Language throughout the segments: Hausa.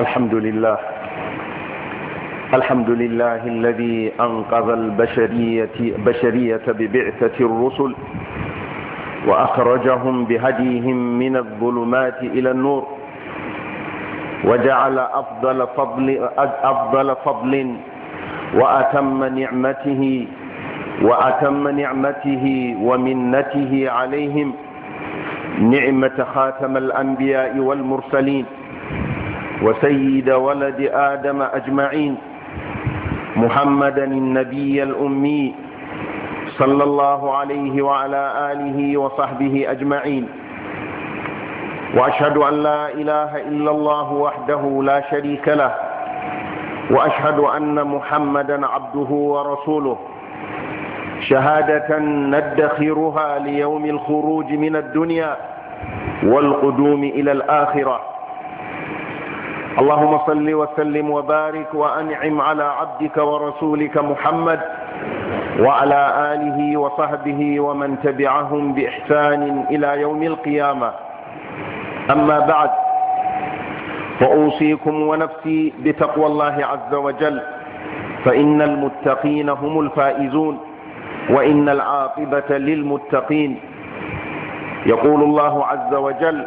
الحمد لله الحمد لله الذي أنقذ البشرية بشرية ببعثة الرسل وأخرجهم بهديهم من الظلمات إلى النور وجعل أفضل فضل, أفضل فضل وأتم نعمته وأتم نعمته ومنته عليهم نعمة خاتم الأنبياء والمرسلين وسيد ولد آدم أجمعين محمدا النبي الأمي صلى الله عليه وعلى آله وصحبه أجمعين وأشهد أن لا إله إلا الله وحده لا شريك له وأشهد أن محمدا عبده ورسوله شهادة ندخرها ليوم الخروج من الدنيا والقدوم إلى الآخرة اللهم صل وسلم وبارك وأنعم على عبدك ورسولك محمد وعلى آله وصحبه ومن تبعهم بإحسان إلى يوم القيامة أما بعد فأوصيكم ونفسي بتقوى الله عز وجل فإن المتقين هم الفائزون وإن العاقبة للمتقين يقول الله عز وجل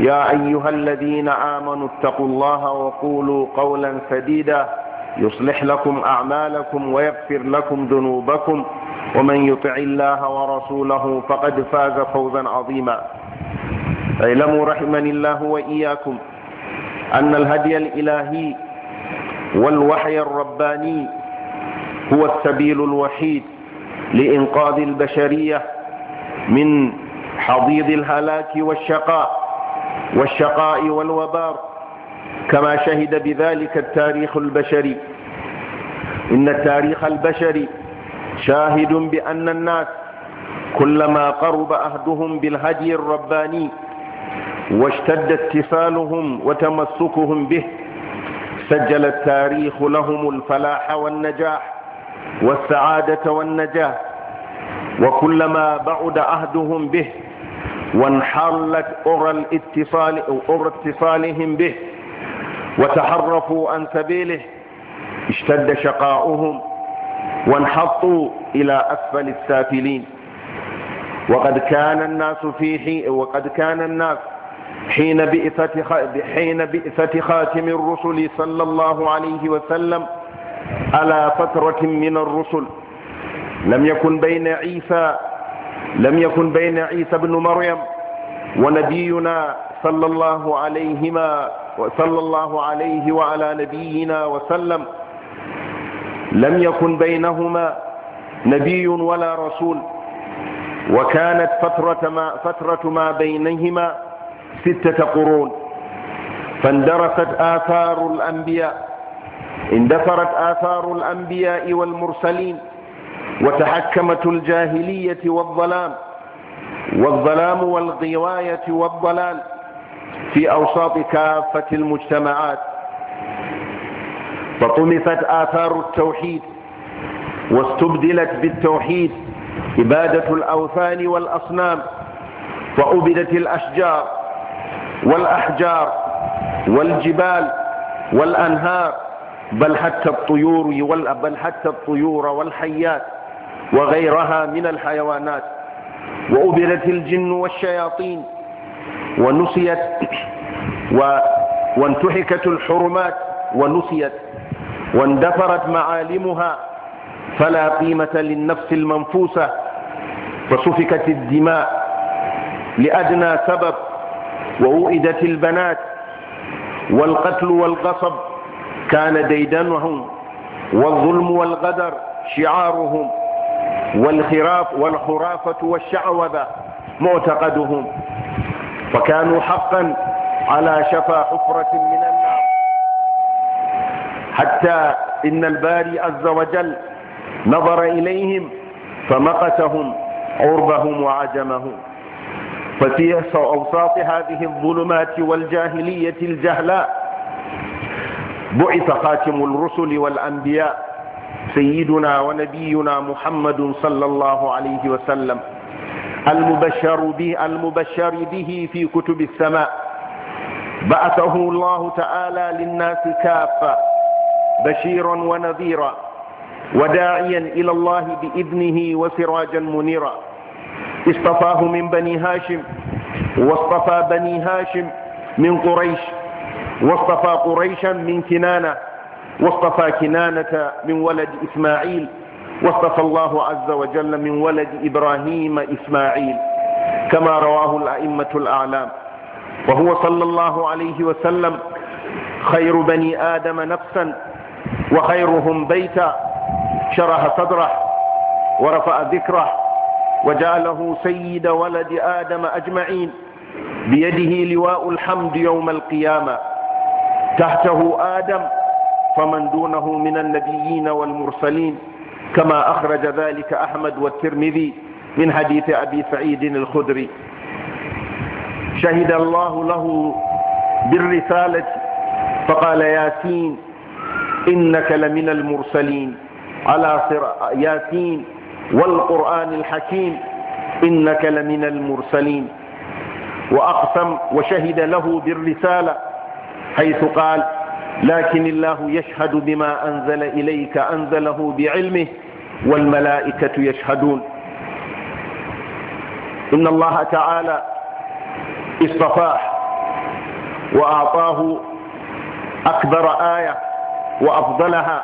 يا أيها الذين آمنوا اتقوا الله وقولوا قولا سديدا يصلح لكم أعمالكم ويغفر لكم ذنوبكم ومن يطع الله ورسوله فقد فاز فوزا عظيما اعلموا رحمني الله وإياكم أن الهدي الإلهي والوحي الرباني هو السبيل الوحيد لإنقاذ البشرية من حضيض الهلاك والشقاء والشقاء والوبار كما شهد بذلك التاريخ البشري إن التاريخ البشري شاهد بأن الناس كلما قرب أهدهم بالهدي الرباني واشتد اتصالهم وتمسكهم به سجل التاريخ لهم الفلاح والنجاح والسعادة والنجاح وكلما بعد عهدهم به وانحلت أغرى الاتصال أو أغرى اتصالهم به وتحرفوا عن سبيله اشتد شقاؤهم وانحطوا إلى أسفل السافلين وقد كان الناس في حين وقد كان الناس حين بئثة حين بئثة خاتم الرسل صلى الله عليه وسلم على فترة من الرسل لم يكن بين عيسى لم يكن بين عيسى بن مريم ونبينا صلى الله عليهما وصلى الله عليه وعلى نبينا وسلم لم يكن بينهما نبي ولا رسول وكانت فترة ما, فترة ما بينهما ستة قرون فاندرست آثار الأنبياء اندثرت آثار الأنبياء والمرسلين وتحكمت الجاهلية والظلام والظلام والغواية والضلال في أوساط كافة المجتمعات فطمست آثار التوحيد واستبدلت بالتوحيد إبادة الأوثان والأصنام وأبدت الأشجار والأحجار والجبال والأنهار بل حتى الطيور بل حتى الطيور والحيات وغيرها من الحيوانات وأبرت الجن والشياطين ونسيت و... وانتحكت الحرمات ونسيت واندثرت معالمها فلا قيمة للنفس المنفوسة فسفكت الدماء لأدنى سبب ووئدت البنات والقتل والغصب كان ديدنهم والظلم والغدر شعارهم والخراف والخرافة والشعوذة معتقدهم فكانوا حقا على شفا حفرة من النار حتى إن الباري عز وجل نظر إليهم فمقتهم عربهم وعجمهم ففي أوساط هذه الظلمات والجاهلية الجهلاء بعث خاتم الرسل والأنبياء سيدنا ونبينا محمد صلى الله عليه وسلم المبشر به المبشر به في كتب السماء بعثه الله تعالى للناس كافة بشيرا ونذيرا وداعيا إلى الله بإذنه وسراجا منيرا اصطفاه من بني هاشم واصطفى بني هاشم من قريش واصطفى قريشا من كنانه واصطفى كنانة من ولد إسماعيل واصطفى الله عز وجل من ولد إبراهيم إسماعيل كما رواه الأئمة الأعلام وهو صلى الله عليه وسلم خير بني آدم نفسا وخيرهم بيتا شرح صدره ورفع ذكره وجعله سيد ولد آدم أجمعين بيده لواء الحمد يوم القيامة تحته آدم فمن دونه من النبيين والمرسلين كما أخرج ذلك أحمد والترمذي من حديث أبي سعيد الخدري شهد الله له بالرسالة فقال ياسين إنك لمن المرسلين على ياسين والقرآن الحكيم إنك لمن المرسلين وأقسم وشهد له بالرسالة حيث قال لكن الله يشهد بما أنزل إليك أنزله بعلمه والملائكة يشهدون إن الله تعالى اصطفاه وأعطاه أكبر آية وأفضلها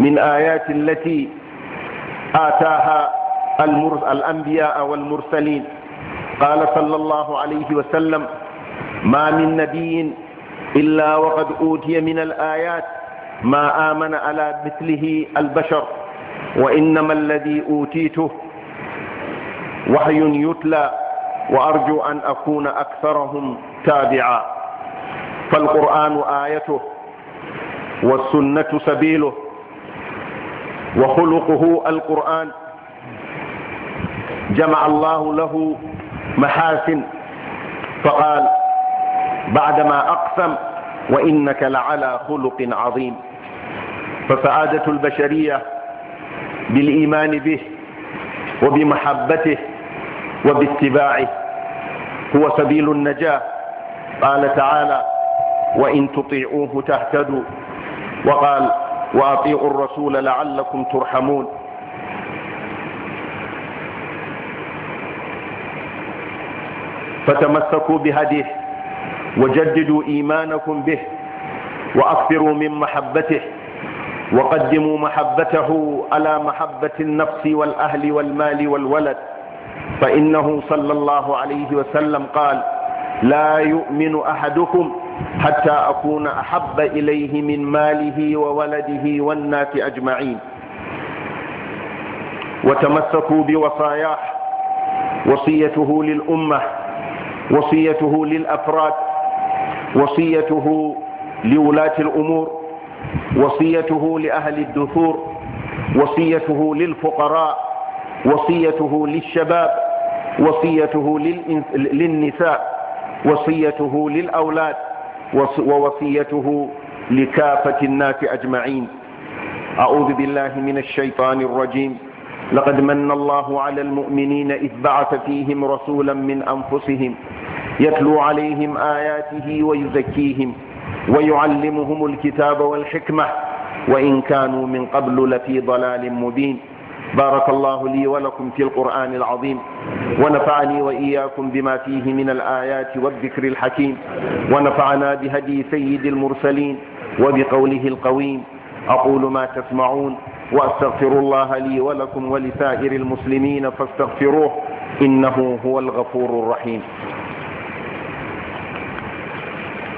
من آيات التي آتاها الأنبياء والمرسلين قال صلى الله عليه وسلم ما من نبي إلا وقد أوتي من الآيات ما آمن على مثله البشر وإنما الذي أوتيته وحي يتلى وأرجو أن أكون أكثرهم تابعا فالقرآن آيته والسنة سبيله وخلقه القرآن جمع الله له محاسن فقال بعدما أقسم وإنك لعلى خلق عظيم فسعادة البشرية بالإيمان به وبمحبته وباتباعه هو سبيل النجاة قال تعالى وإن تطيعوه تهتدوا وقال وأطيعوا الرسول لعلكم ترحمون فتمسكوا بهديه وجددوا إيمانكم به وأكثروا من محبته وقدموا محبته على محبة النفس والأهل والمال والولد فإنه صلى الله عليه وسلم قال لا يؤمن أحدكم حتى أكون أحب إليه من ماله وولده والناس أجمعين وتمسكوا بوصاياه وصيته للأمة وصيته للأفراد وصيته لولاة الأمور وصيته لأهل الدثور وصيته للفقراء وصيته للشباب وصيته للنساء وصيته للأولاد ووصيته لكافة الناس أجمعين أعوذ بالله من الشيطان الرجيم لقد من الله على المؤمنين إذ بعث فيهم رسولا من أنفسهم يتلو عليهم آياته ويزكيهم ويعلمهم الكتاب والحكمة وإن كانوا من قبل لفي ضلال مبين بارك الله لي ولكم في القرآن العظيم ونفعني وإياكم بما فيه من الآيات والذكر الحكيم ونفعنا بهدي سيد المرسلين وبقوله القويم أقول ما تسمعون وأستغفر الله لي ولكم ولسائر المسلمين فاستغفروه إنه هو الغفور الرحيم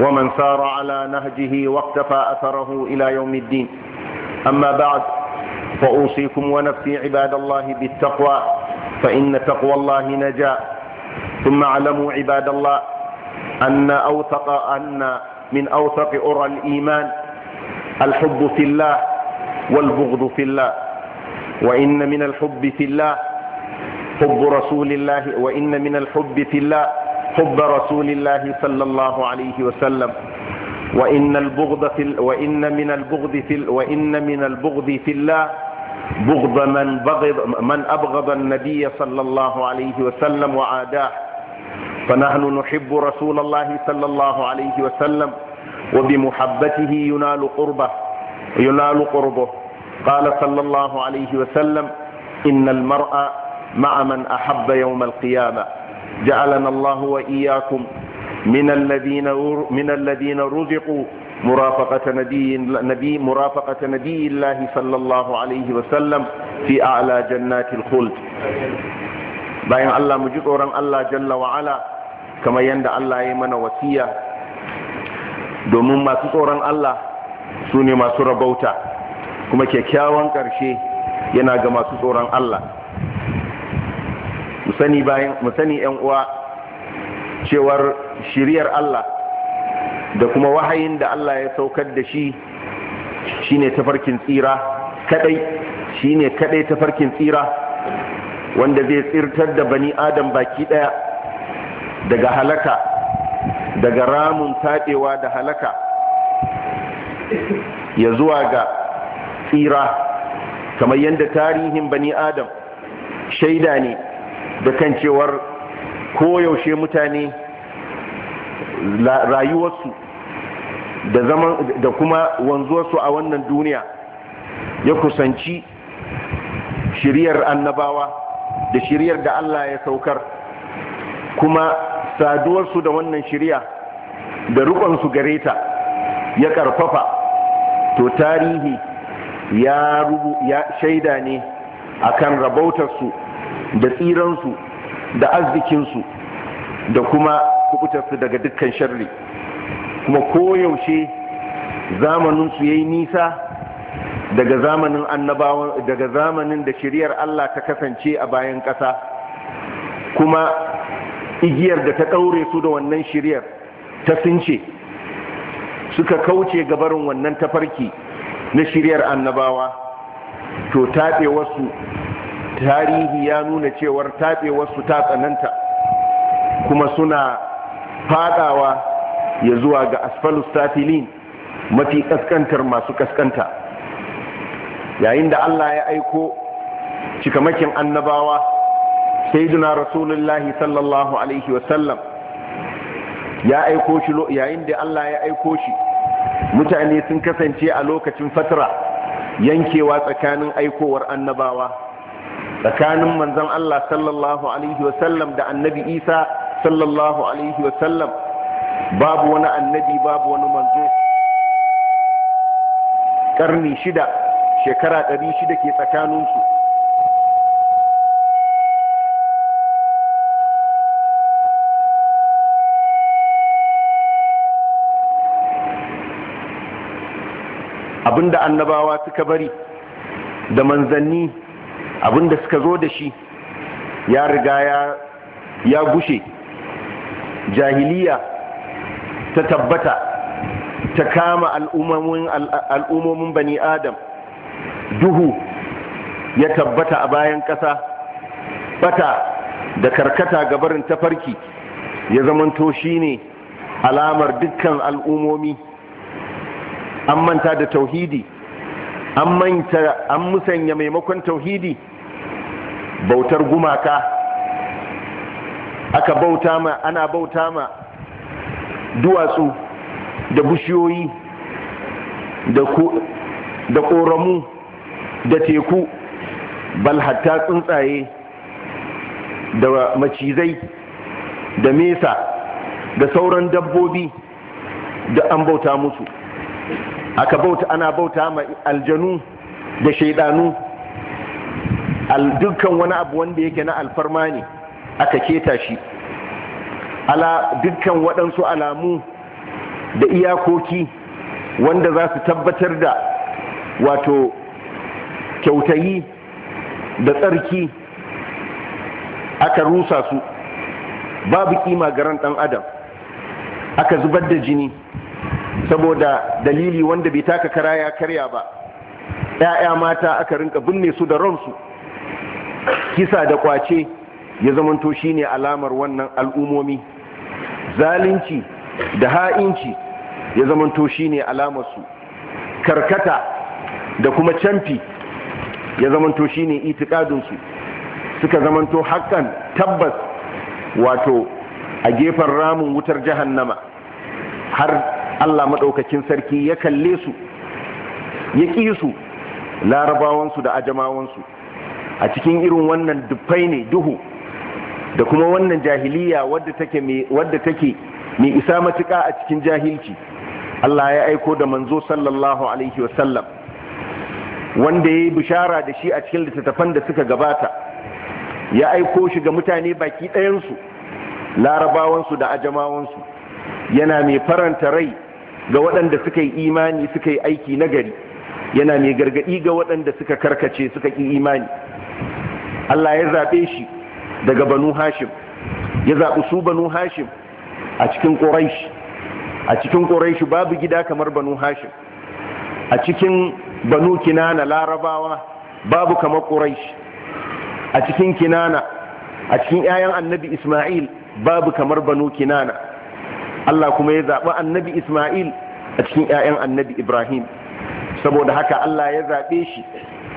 ومن سار على نهجه واقتفى أثره إلى يوم الدين أما بعد فأوصيكم ونفسي عباد الله بالتقوى فإن تقوى الله نجا ثم اعلموا عباد الله أن أوثق أن من أوثق أرى الإيمان الحب في الله والبغض في الله وإن من الحب في الله حب رسول الله وإن من الحب في الله حب رسول الله صلى الله عليه وسلم وإن البغض في ال... وإن من البغض في ال... وإن من البغض في الله بغض من بغض من أبغض النبي صلى الله عليه وسلم وعاداه فنحن نحب رسول الله صلى الله عليه وسلم وبمحبته ينال قربه ينال قربه قال صلى الله عليه وسلم إن المرء مع من أحب يوم القيامة جعلنا الله وإياكم من الذين من الذين رزقوا مرافقة نبي نبي مرافقة نبي الله صلى الله عليه وسلم في أعلى جنات bayan Allah mu ji tsoron Allah jalla wa ala kamar yadda Allah ya mana wasi'a. domin masu tsoron Allah sune masu rabauta kuma kyakkyawan ƙarshe yana ga masu tsoron Allah musani bayan musani yan uwa cewar shiriyar Allah da kuma wahayin da Allah ya saukar da shi shine tafarkin tsira kadai shine kadai tafarkin tsira wanda zai tsirtar da bani adam baki daya daga halaka daga ramun tadewa da halaka ya zuwa ga tsira kamar yadda tarihin bani adam shaida ne da kan cewar koyaushe mutane rayuwarsu da kuma wanzuwarsu a wannan duniya ya kusanci shiriyar annabawa da shiriyar da Allah ya saukar kuma saduwarsu da wannan shiriya da riƙonsu gare ta ya ƙarfafa to tarihi ya shaida ne akan rabautarsu da tsiransu da arzikinsu da kuma kubutarsu daga dukkan sharri kuma koyaushe zamaninsu ya yi nisa daga zamanin annabawan daga zamanin da shiriyar Allah ta kasance a bayan ƙasa kuma igiyar da ta ɗaure su da wannan shiriyar ta sunce suka kauce gabarin wannan tafarki na shiriyar annabawa to taɓe wasu tarihi ya nuna cewar taɓewarsu ta tsananta kuma suna fadawa ya zuwa ga asfalus tafilin mafi kaskantar masu kaskanta yayin da Allah ya aiko cikamakin annabawa sayyiduna rasulullahi sallallahu alaihi wasallam ya aiko shi yayin da Allah ya aiko shi mutane sun kasance a lokacin fatara yankewa tsakanin aikowar annabawa tsakanin manzan Allah sallallahu alaihi wasallam da annabi Isa sallallahu alaihi wasallam babu wani annabi babu wani manzo Ƙarni shida shekara ɗari shida ke tsakaninsu abinda annabawa suka bari da manzanni da suka zo da shi ya riga ya gushe jahiliya ta tabbata ta kama al'ummomin bani adam duhu ya tabbata a bayan ƙasa bata da karkata gabarin tafarki ya zamanto ne alamar dukkan al'ummomi an manta da tauhidi an musanya maimakon tauhidi bautar gumaka aka bauta ma ana bauta ma duwatsu da bushiyoyi da ƙoramu da teku bal tsuntsaye da macizai da mesa da sauran dabbobi da an bauta musu aka bauta ana bauta ma aljanu da shaidanu dukkan wani abu wanda yake na alfarma ne aka keta shi ala dukkan waɗansu alamu da iyakoki wanda za su tabbatar da wato kyautayi da tsarki aka rusa su babu kima garan ɗan adam aka zubar da jini saboda dalili wanda bai taka kara ya karya ba 'ya'ya mata aka rinka binne su da ransu kisa da kwace ya zamanto ne alamar wannan al'ummomi, zalunci da ha'inci ya zamanto shi ne alamarsu. karkata da kuma canfi ya zamanto shi ne su suka zamanto hakan tabbas wato a gefen ramin wutar jahannama har Allah maɗaukakin sarki ya kalle su ya ƙi su larabawansu da ajamawansu a cikin irin wannan dufai ne duhu da kuma wannan jahiliya wadda take mai isa matuka a cikin jahilci Allah ya aiko da manzo sallallahu alaihi wasallam wanda ya yi bishara da shi a cikin littattafan da suka gabata ya aiko shi ga mutane baki ɗayansu larabawansu da ajamawansu yana mai faranta rai ga waɗanda suka yi imani suka yi aiki nagari yana mai gargaɗi ga waɗanda suka karkace suka ƙi imani Allah ya zaɓe shi daga banu hashim ya zaɓi su banu hashim a cikin ƙoraishi a cikin ƙoraishi babu gida kamar banu hashim a cikin banu kinana larabawa babu kamar ƙoraishi a cikin kinana a cikin 'ya'yan annabi ismail babu kamar banu kinana Allah kuma ya zaɓi annabi ismail a cikin 'ya'yan annabi ibrahim saboda haka Allah ya zaɓe shi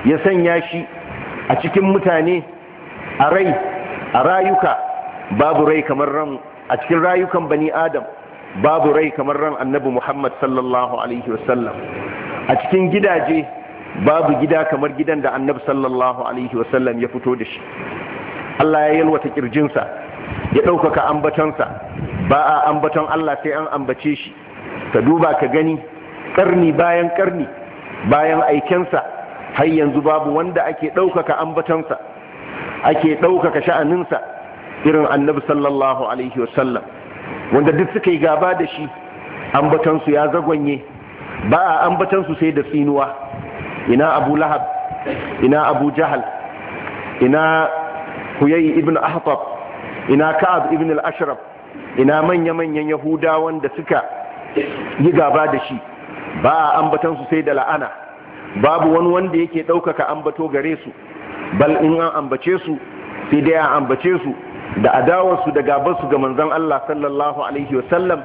ya sanya shi a cikin mutane a rai a rayuka babu rai kamar ran a cikin rayukan bani adam babu rai kamar ran annabi muhammad sallallahu alaihi wasallam a cikin gidaje babu gida kamar gidan da annabi sallallahu alaihi wasallam ya fito da shi allah ya yalwata kirjinsa ya ɗaukaka ambatonsa ba a ambaton allah sai an ambace shi ka duba ka gani ƙarni bayan ƙarni bayan aikensa har yanzu babu wanda ake ɗaukaka ambatansa ake ɗaukaka sha'aninsa irin annabi sallallahu alaihi wasallam wanda duk suka yi gaba da shi ambatansu ya zagonye ba a ambatansu sai da tsinuwa ina abu lahab ina abu jahal ina huyayi ibn ahfab ina ka'ab ibn al-ashraf ina manya-manyan yahudawan da suka yi gaba da shi ba a ambatansu sai da la'ana babu wani wanda yake ɗaukaka ambato gare su bal in an ambace su sai dai an ambace su da adawarsu da gabansu ga manzon Allah sallallahu alaihi wasallam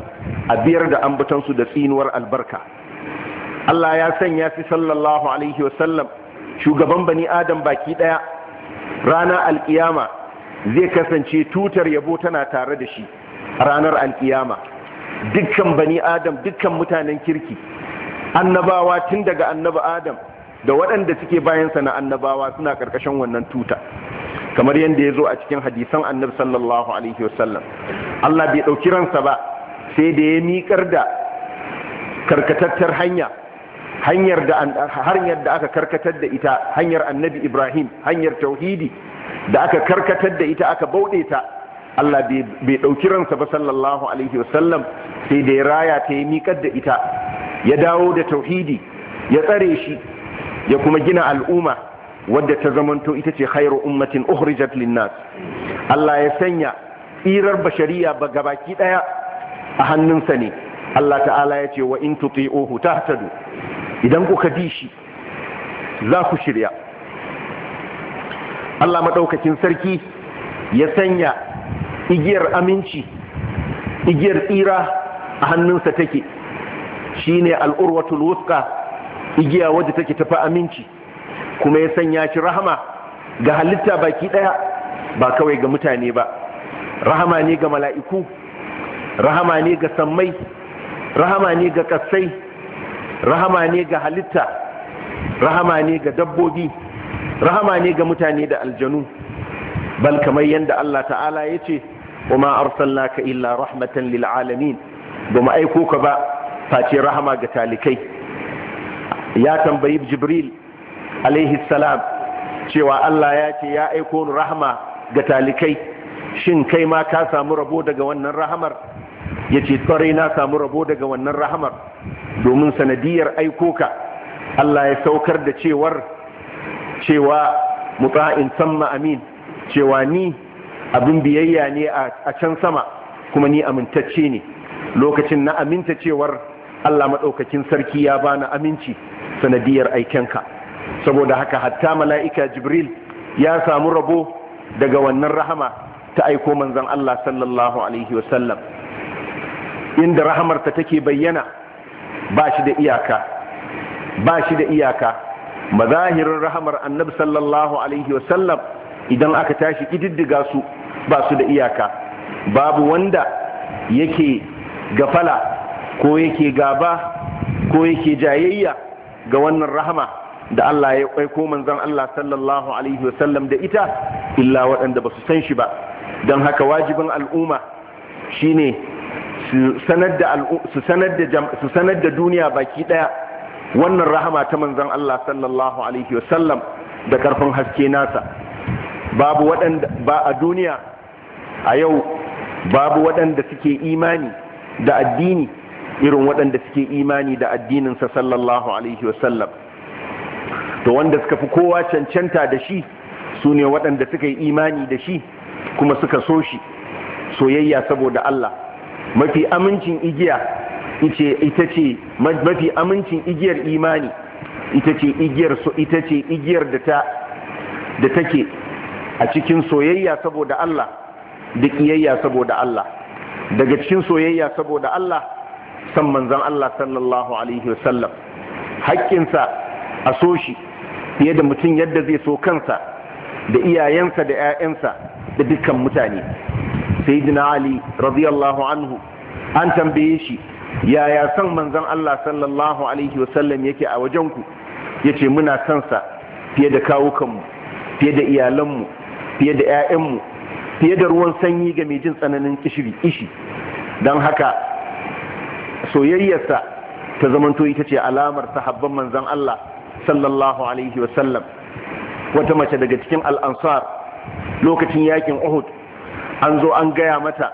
a biyar da ambatansu da tsinuwar albarka Allah ya sanya fi sallallahu alaihi wasallam shugaban bani adam baki daya ranar alkiyama zai kasance tutar yabo tana tare da shi ranar alkiyama dukkan bani adam dukkan mutanen kirki annabawa tun daga annaba adam da waɗanda suke bayansa na annabawa suna ƙarƙashin wannan tuta kamar yadda ya zo a cikin hadisan annabi sallallahu alaihi wasallam Allah bai ɗauki ransa ba sai da ya miƙar da karkatattar hanya hanyar da hanyar da aka karkatar da ita hanyar annabi Ibrahim hanyar tauhidi da aka karkatar da ita aka bauɗe ta Allah bai ɗauki ransa ba sallallahu alaihi wasallam sai da ya raya ta ya miƙar da ita ya dawo da tauhidi ya tsare shi ya kuma gina al'umma wadda ta zamanto ita ce khairu ummatin ukhrijat linnas Allah ya sanya tsirar bashariya ba gabaki daya a hannunsa ne Allah ta'ala ya ce wa in tuti'uhu tahtadu idan kuka bi shi za ku shirya Allah madaukakin sarki ya sanya igiyar aminci igiyar tsira a hannunsa take shine al'urwatul wuska igiya wadda take tafi aminci kuma ya sanya shi rahama ga halitta baki ɗaya ba kawai ga mutane ba rahama ne ga mala'iku rahama ne ga sammai rahama ne ga kassai rahama ne ga halitta rahama ne ga dabbobi rahama ne ga mutane da aljanu bal kamar yadda Allah ta'ala ya ce wa ma arsalnaka illa rahmatan lil'alamin, alamin ba mu aiko ka ba face rahama ga talikai ya tambayi jibril alaihi salam cewa Allah ya ce ya aiko ni rahama ga talikai shin kai ma ka samu rabo daga wannan rahamar ya ce tsare na samu rabo daga wannan rahamar domin sanadiyar aiko ka Allah ya saukar da cewar cewa san samma amin cewa ni abin biyayya ne a can sama kuma ni amintacce ne lokacin na aminta cewar Allah maɗaukakin sarki ya bani aminci sanadiyar aikenka saboda haka hatta mala'ika jibril ya samu rabo daga wannan rahama ta aiko manzon Allah sallallahu alaihi wasallam inda rahamarta take bayyana ba shi da iyaka ba shi da iyaka mazahirin rahamar annabi sallallahu alaihi wasallam idan aka tashi ƙididdiga su ba su da iyaka babu wanda yake gafala ko yake gaba ko yake jayayya ga wannan rahama da Allah ya aiko manzon Allah sallallahu alaihi wasallam da ita illa waɗanda ba su san shi ba don haka wajibin al'umma shine su sanar da duniya baki ɗaya wannan rahama ta manzon Allah sallallahu alaihi wasallam da karfin haske nasa babu waɗanda ba a duniya a yau babu waɗanda suke imani da addini irin waɗanda suke imani da addininsa sallallahu alaihi wasallam to wanda suka fi kowa cancanta da shi su ne waɗanda suka yi imani da shi kuma suka so shi soyayya saboda Allah mafi amincin igiya ita ce mafi amincin igiyar imani ita ce igiyar da ta da take a cikin soyayya saboda Allah da kiyayya saboda Allah daga cikin soyayya saboda Allah san manzan Allah sallallahu alaihi wasallam haƙƙinsa a so shi fiye da mutum yadda zai so kansa da iyayensa da 'ya'yansa da dukkan mutane dina ali radiyallahu anhu an tambaye shi yaya san manzan Allah sallallahu alaihi wasallam yake a wajenku ce muna sansa fiye da kawukanmu fiye da iyalanmu fiye da 'ya'yanmu fiye da ruwan sanyi ga mai jin tsananin kishiri ishi don haka soyayyarsa ta zamanto ita ce alamar sahabban manzan Allah sallallahu alaihi wasallam wata mace daga cikin al'ansar lokacin yakin Uhud an zo an gaya mata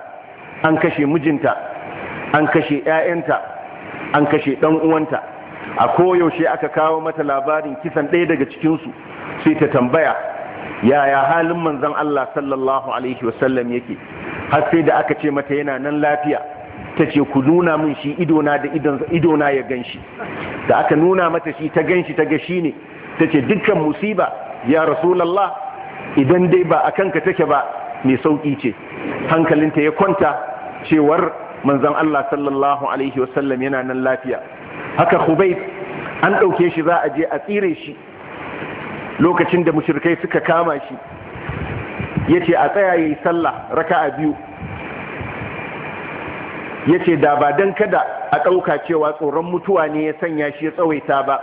an kashe mijinta an kashe 'ya'yanta an kashe ɗan uwanta a koyaushe aka kawo mata labarin kisan ɗaya daga cikinsu sai ta tambaya yaya halin manzan Allah sallallahu alaihi wasallam yake har sai da aka ce mata yana nan lafiya ta ce ku nuna min shi idona da idona ya gan shi da aka nuna mata shi ta gan shi ta ga shi ne ta ce dukkan musiba ya rasulallah idan dai ba a kanka take ba mai sauƙi ce hankalinta ya kwanta cewar manzan Allah sallallahu alaihi wasallam yana nan lafiya haka Khubayb an ɗauke shi za a je a tsire shi lokacin da mushrikai suka kama shi ya ce a tsaya yi sallah a biyu ya ce da ba don kada a ɗauka cewa tsoron mutuwa ne ya sanya shi ya tsawaita ba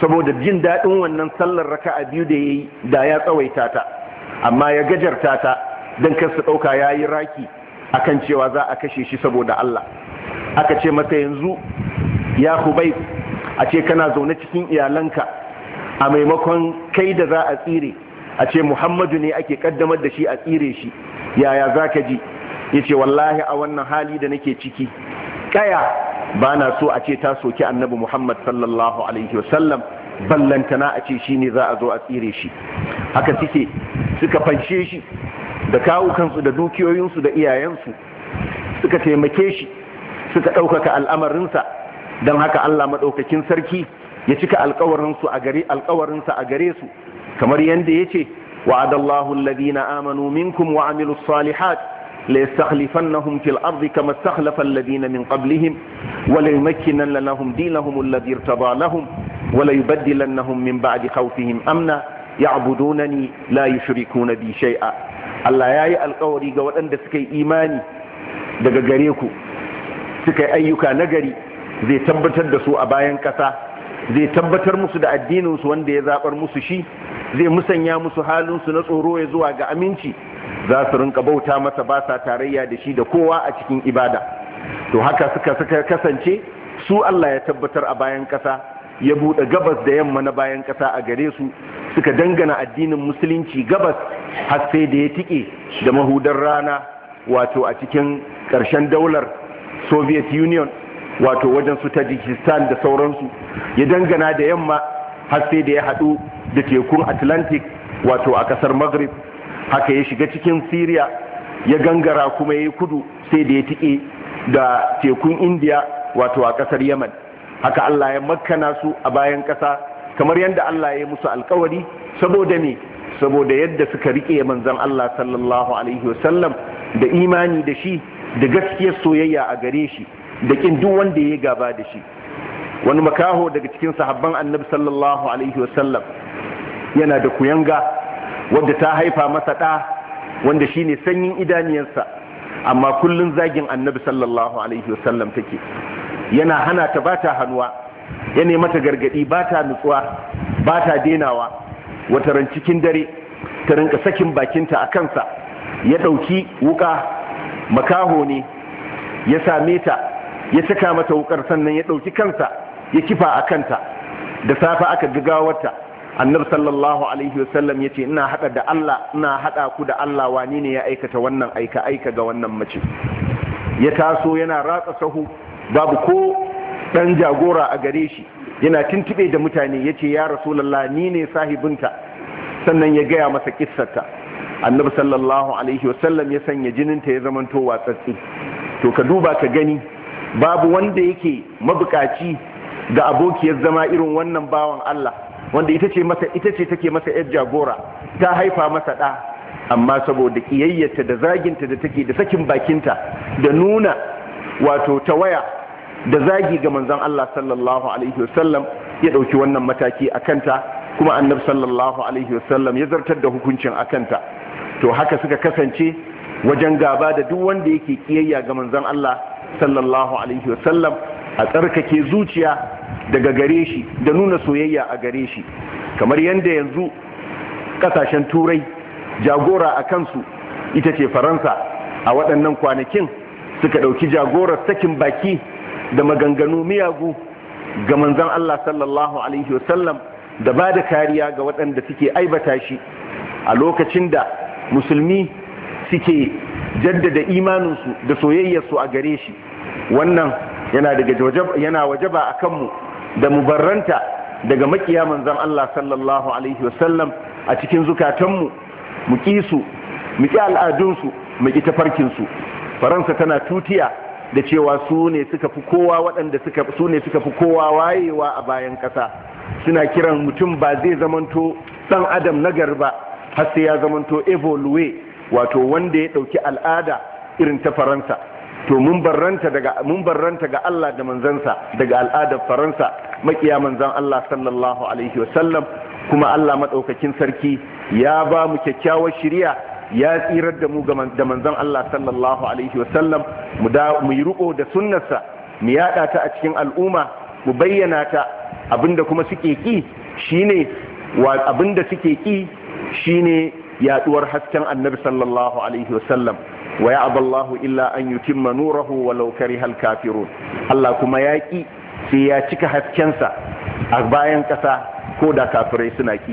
saboda jin daɗin wannan sallar a biyu da ya yi da ya tsawaita ta amma ya gajarta ta don kar ɗauka ya yi raki a kan cewa za a kashe shi saboda Allah aka ce masa yanzu ya hubai a ce kana zaune cikin iyalanka a maimakon kai da za a tsire a ce muhammadu ne ake kaddamar da shi a tsire shi yaya za ka ji yace wallahi a wannan hali da nake ciki kaya ba na so a ce ta soki annabi muhammad sallallahu alaihi wasallam ballantana a ce shi ne za a zo a tsire shi haka suke suka fanshe shi da kawo kansu da dukiyoyinsu da iyayensu suka taimake shi suka ɗaukaka al'amarinsa don haka allah maɗaukakin sarki ya cika alkawarinsu a gare a gare su kamar yadda ya ce wa'adallahu alladhina amanu minkum wa amilus salihat Lai sakhali fannahu fil arzi kama saklafa la dinamin qablihim walaimakki nan lanahum dinahum labyarta banahum walaibaddilan nahum min ba'a di ƙaufi him amna ya abu do na na bi sha'i. Allah ya yi alƙawari ga waɗanda yi imani daga gare ku suke ayyuka nagari zai tabbatar da su a bayan ƙasa zai tabbatar musu da addinin su wanda ya zaɓar musu shi zai musanya musu halin su na tsoro zuwa ga aminci. za su rinka bauta masa ba sa tarayya da shi da kowa a cikin ibada to haka suka suka kasance su Allah ya tabbatar a bayan ƙasa ya buɗe gabas da yamma na bayan ƙasa a gare su suka dangana addinin musulunci gabas har sai da ya tike da mahudar rana wato a cikin ƙarshen daular Soviet Union wato wajen su Tajikistan da sauransu ya dangana da yamma har sai da ya haɗu da tekun Atlantic wato a ƙasar Maghrib haka ya shiga cikin syria ya gangara kuma ya yi kudu sai da ya tike da tekun Indiya wato a kasar yaman haka allah ya makana su a bayan ƙasa kamar yadda allah ya musu alkawari saboda ne saboda yadda suka rike manzan allah sallallahu alaihi wasallam da imani da shi da gaskiyar soyayya a gare shi da kin duk wanda ya gaba da shi wani makaho daga cikin sahabban annabi sallallahu alaihi wasallam yana da kuyanga Wanda ta haifa masa ɗa wanda shi ne sanyin idaniyarsa amma kullun zagin annabi sallallahu alaihi wasallam take yana hana ta bata hannuwa ya ne mata gargadi bata nutsuwa bata denawa ran cikin dare ta rinka sakin bakinta a kansa ya ɗauki wuka makaho ne ya same ta ya cika mata wukar sannan ya ɗauki kansa ya kifa a kanta da safa aka gawarta annabi sallallahu alaihi wasallam ya ce ina hada da Allah ina haɗa ku da Allah wani ne ya aikata wannan aika aika ga wannan mace ya taso yana ratsa sahu babu ko ɗan jagora a gare shi yana tuntuɓe da mutane ya ce ya rasulallah ni ne sahibinta sannan ya gaya masa kissarta annabi sallallahu alaihi wasallam ya sanya jinin ta ya zamanto watsatsi to ka duba ka gani babu wanda yake mabukaci ga abokiyar zama irin wannan bawan Allah wanda ita ce masa ita ce take masa yar jagora ta haifa masa ɗa amma saboda ƙiyayyarta da zaginta da take da sakin bakinta da nuna wato ta waya, da zagi ga manzon Allah sallallahu alaihi wasallam ya ɗauki wannan mataki a kanta kuma annab sallallahu alaihi wasallam ya zartar da hukuncin a kanta to haka suka kasance wajen gaba da duk wanda yake kiyayya ga manzon Allah sallallahu alaihi wasallam a tsarkake zuciya daga gare shi da nuna soyayya a gare shi kamar yadda yanzu kasashen turai jagora a kansu ita ce faransa a waɗannan kwanakin suka ɗauki jagorar sakin baki da maganganu miyagu ga manzan Allah sallallahu alaihi wasallam da ba da kariya ga waɗanda suke aibata shi a lokacin da musulmi suke jaddada imaninsu da soyayyarsu a gare shi wannan yana daga yana wajaba a kanmu da mubarranta daga makiya manzan Allah sallallahu alaihi wasallam a cikin zukatanmu mu ƙi su mu ƙi al'adunsu mu ƙi tafarkinsu faransa tana tutiya da cewa su ne suka fi kowa waɗanda su ne suka fi kowa wayewa a bayan ƙasa suna kiran mutum ba zai zamanto ɗan adam nagar ba har sai ya zamanto evolue wato wanda ya ɗauki al'ada irin ta faransa to mun barranta daga mun barranta ga Allah da manzansa daga al'adar faransa makiya manzan Allah sallallahu alaihi wa Sallam, kuma Allah madaukakin sarki ya ba mu kyakkyawar shiriya ya tsirar da mu da manzan Allah sallallahu alaihi sallam mu da mu yi riko da sunnarsa mu yada ta a cikin al'umma mu bayyana ta abinda kuma suke ki shine abinda suke ki shine yaduwar hasken annabi sallallahu alaihi wa Sallam. Waya aballahu illa an yutimma nurahu walau karihal kafirun Allah kuma yaƙi sai ya cika haskensa a bayan ƙasa ko da kafirai suna ki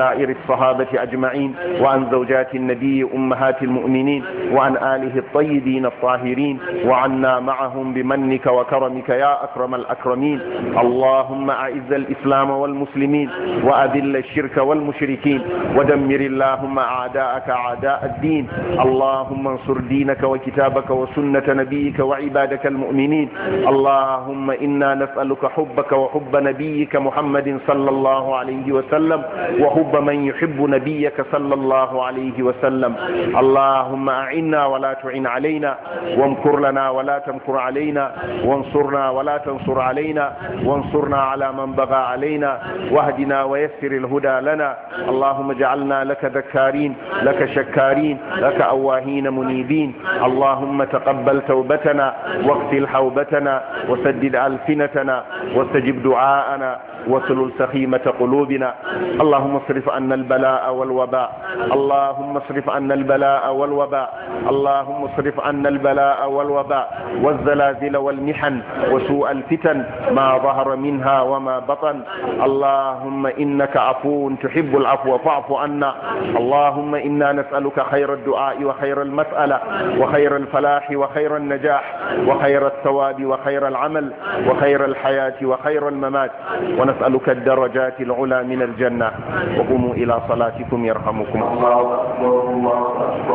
وسائر الصحابة أجمعين وعن زوجات النبي أمهات المؤمنين وعن آله الطيبين الطاهرين وعنا معهم بمنك وكرمك يا أكرم الأكرمين اللهم أعز الإسلام والمسلمين وأذل الشرك والمشركين ودمر اللهم أعداءك أعداء الدين اللهم انصر دينك وكتابك وسنة نبيك وعبادك المؤمنين اللهم إنا نسألك حبك وحب نبيك محمد صلى الله عليه وسلم وحب حب من يحب نبيك صلى الله عليه وسلم اللهم أعنا ولا تعن علينا وامكر لنا ولا تمكر علينا وانصرنا ولا تنصر علينا وانصرنا على من بغى علينا واهدنا ويسر الهدى لنا اللهم اجعلنا لك ذكارين لك شكارين لك أواهين منيبين اللهم تقبل توبتنا واغسل حوبتنا وسدد ألسنتنا واستجب دعاءنا وسلل سخيمة قلوبنا اللهم اصرف اصرف عنا البلاء والوباء اللهم اصرف عنا البلاء والوباء اللهم اصرف عنا البلاء والوباء والزلازل والمحن وسوء الفتن ما ظهر منها وما بطن اللهم انك عفو تحب العفو فاعف عنا اللهم انا نسالك خير الدعاء وخير المساله وخير الفلاح وخير النجاح وخير الثواب وخير العمل وخير الحياه وخير الممات ونسالك الدرجات العلى من الجنه qumu ila salatikum yarhamukum Allah